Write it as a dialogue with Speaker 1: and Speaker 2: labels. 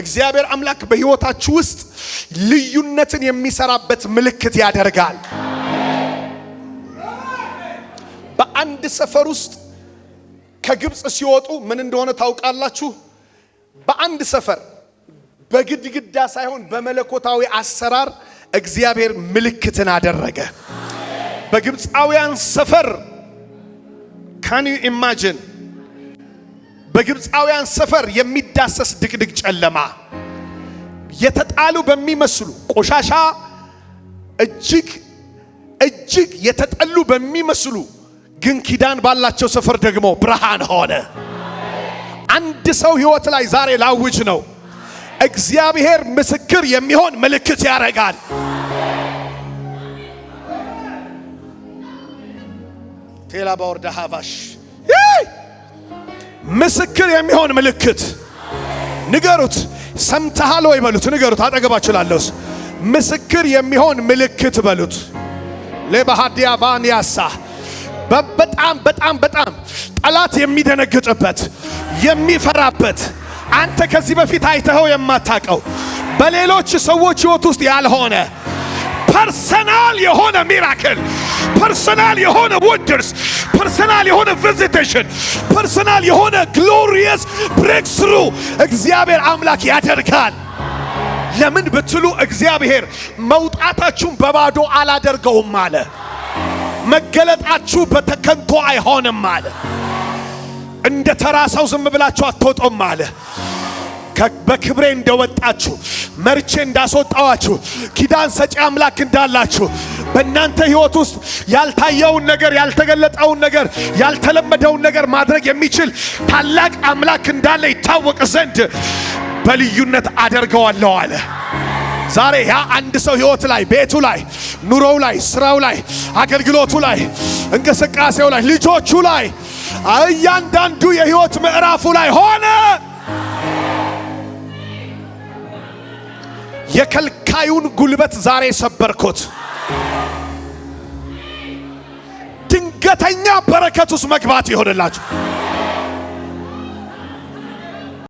Speaker 1: እግዚአብሔር አምላክ በህይወታችሁ ውስጥ ልዩነትን የሚሰራበት ምልክት ያደርጋል። በአንድ ሰፈር ውስጥ ከግብፅ ሲወጡ ምን እንደሆነ ታውቃላችሁ? በአንድ ሰፈር በግድግዳ ሳይሆን በመለኮታዊ አሰራር እግዚአብሔር ምልክትን አደረገ። በግብፃውያን ሰፈር ካን ዩ ኢማጂን በግብፃውያን ሰፈር የሚዳሰስ ድቅድቅ ጨለማ የተጣሉ በሚመስሉ ቆሻሻ እጅግ እጅግ የተጠሉ በሚመስሉ ግን ኪዳን ባላቸው ሰፈር ደግሞ ብርሃን ሆነ። አንድ ሰው ህይወት ላይ ዛሬ ላውጅ ነው። እግዚአብሔር ምስክር የሚሆን ምልክት ያደርጋል።
Speaker 2: ቴላ ባወርዳ ሀቫሽ
Speaker 1: ምስክር የሚሆን ምልክት ንገሩት። ሰምተሃል ወይ በሉት። ንገሩት። አጠገባችሁ ላለውስ ምስክር የሚሆን ምልክት በሉት። ለባሃዲያ ቫንያሳ በጣም በጣም በጣም ጠላት የሚደነግጥበት የሚፈራበት አንተ ከዚህ በፊት አይተኸው የማታቀው በሌሎች ሰዎች ሕይወት ውስጥ ያልሆነ ፐርሰናል የሆነ ሚራክል፣ ፐርሰናል የሆነ ወንደርስ፣ ፐርሰናል የሆነ ቪዚቴሽን፣ ፐርሰናል የሆነ ግሎሪየስ ብሬክስሩ እግዚአብሔር አምላክ ያደርጋል። ለምን ብትሉ እግዚአብሔር መውጣታችሁን በባዶ አላደርገውም አለ። መገለጣችሁ በተከንቶ አይሆንም አለ። እንደ ተራ ሰው ዝም ብላችሁ አትወጡም አለ። በክብሬ እንደወጣችሁ መርቼ እንዳስወጣዋችሁ ኪዳን ሰጪ አምላክ እንዳላችሁ በእናንተ ሕይወት ውስጥ ያልታየውን ነገር፣ ያልተገለጠውን ነገር፣ ያልተለመደውን ነገር ማድረግ የሚችል ታላቅ አምላክ እንዳለ ይታወቅ ዘንድ በልዩነት አደርገዋለሁ አለ። ዛሬ ያ አንድ ሰው ሕይወት ላይ፣ ቤቱ ላይ፣ ኑሮው ላይ፣ ስራው ላይ፣ አገልግሎቱ ላይ፣ እንቅስቃሴው ላይ፣ ልጆቹ ላይ፣ እያንዳንዱ የሕይወት ምዕራፉ ላይ ሆነ የከልካዩን ጉልበት ዛሬ ሰበርኩት። ድንገተኛ በረከት ውስጥ መግባት ይሆንላችሁ።